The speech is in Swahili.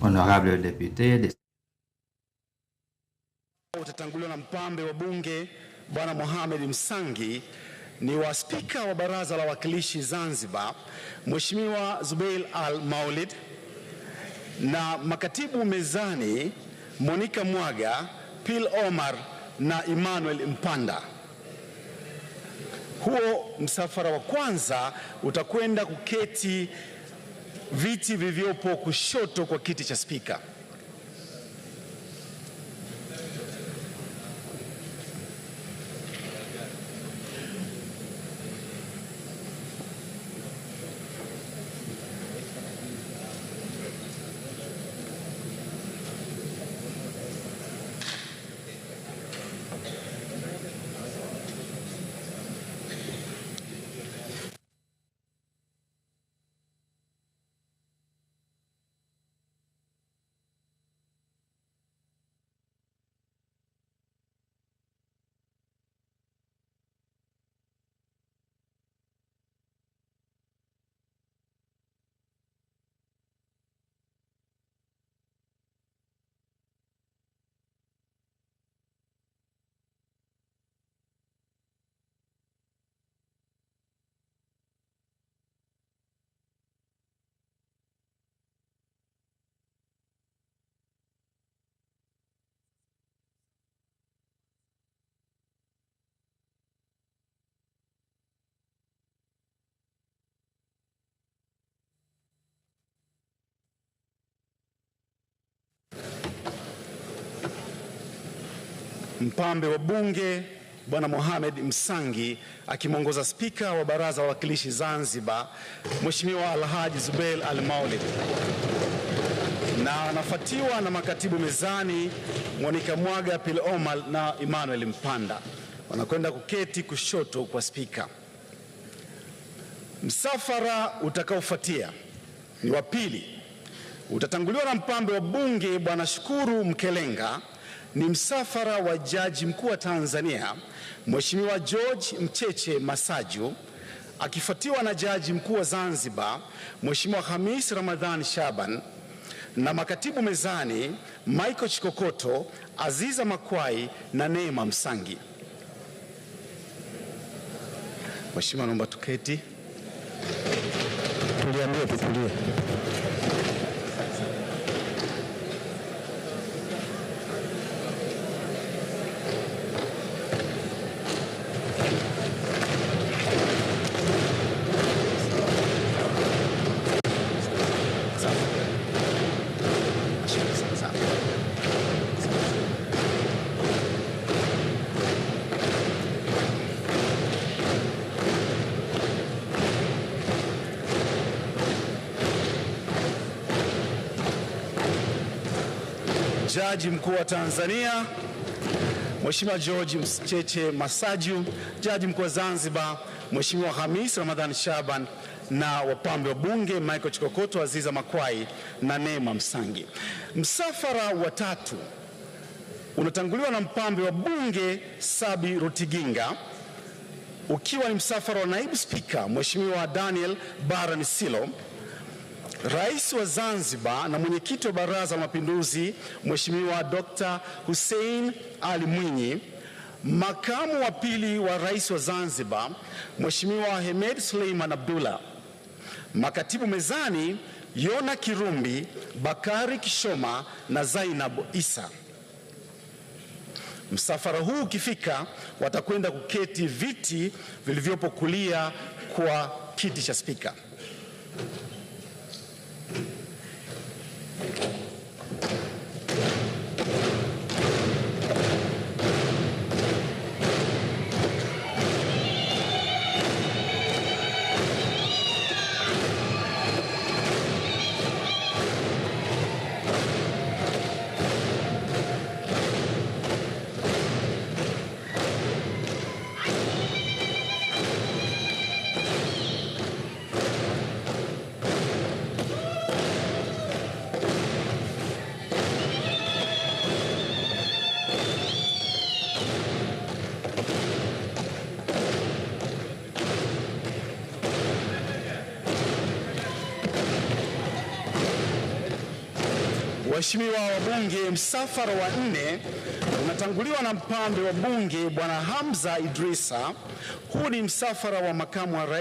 Honorable député de... utatanguliwa na mpambe wa bunge Bwana Mohamed Msangi ni wa spika wa baraza la wawakilishi Zanzibar Mheshimiwa zubeil Al Maulid na makatibu mezani Monica Mwaga, Pil Omar na Emmanuel Mpanda. Huo msafara wa kwanza utakwenda kuketi viti vilivyopo kushoto kwa kiti cha spika. mpambe wa bunge Bwana Mohamed Msangi akimwongoza spika wa baraza la wawakilishi Zanzibar Mheshimiwa Alhaji zubel Al Maulid, na anafuatiwa na makatibu mezani Monica Mwaga Pil Omal na Emmanuel Mpanda. Wanakwenda kuketi kushoto kwa spika. Msafara utakaofuatia ni wa pili, utatanguliwa na mpambe wa bunge Bwana Shukuru Mkelenga ni msafara wa jaji mkuu wa Tanzania Mheshimiwa George Mcheche Masaju akifuatiwa na jaji mkuu wa Zanzibar Mheshimiwa Hamis Ramadhan Shaban na makatibu mezani Michael Chikokoto, Aziza Makwai na Neema Msangi. Mheshimiwa, naomba tuketi, tuliambie tutulie. Jaji Mkuu wa Tanzania Mheshimiwa George Mcheche Masaju, Jaji Mkuu wa Zanzibar Mheshimiwa Hamis Ramadhan Shaban na wapambe wa bunge Michael Chikokoto, Aziza Makwai na Neema Msangi. Msafara wa tatu unatanguliwa na mpambe wa bunge Sabi Rutiginga ukiwa ni msafara wa naibu spika Mheshimiwa Daniel Barani Silo. Rais wa Zanzibar na mwenyekiti wa Baraza la Mapinduzi Mheshimiwa Dr. Hussein Ali Mwinyi, makamu wa pili wa rais wa Zanzibar Mheshimiwa Hemed Suleiman Abdullah, makatibu mezani Yona Kirumbi, Bakari Kishoma na Zainab Isa. Msafara huu ukifika, watakwenda kuketi viti vilivyopo kulia kwa kiti cha spika. Thank you. Waheshimiwa wabunge, msafara wa nne unatanguliwa na mpambe wa bunge Bwana Hamza Idrisa. Huu ni msafara wa makamu wa rais.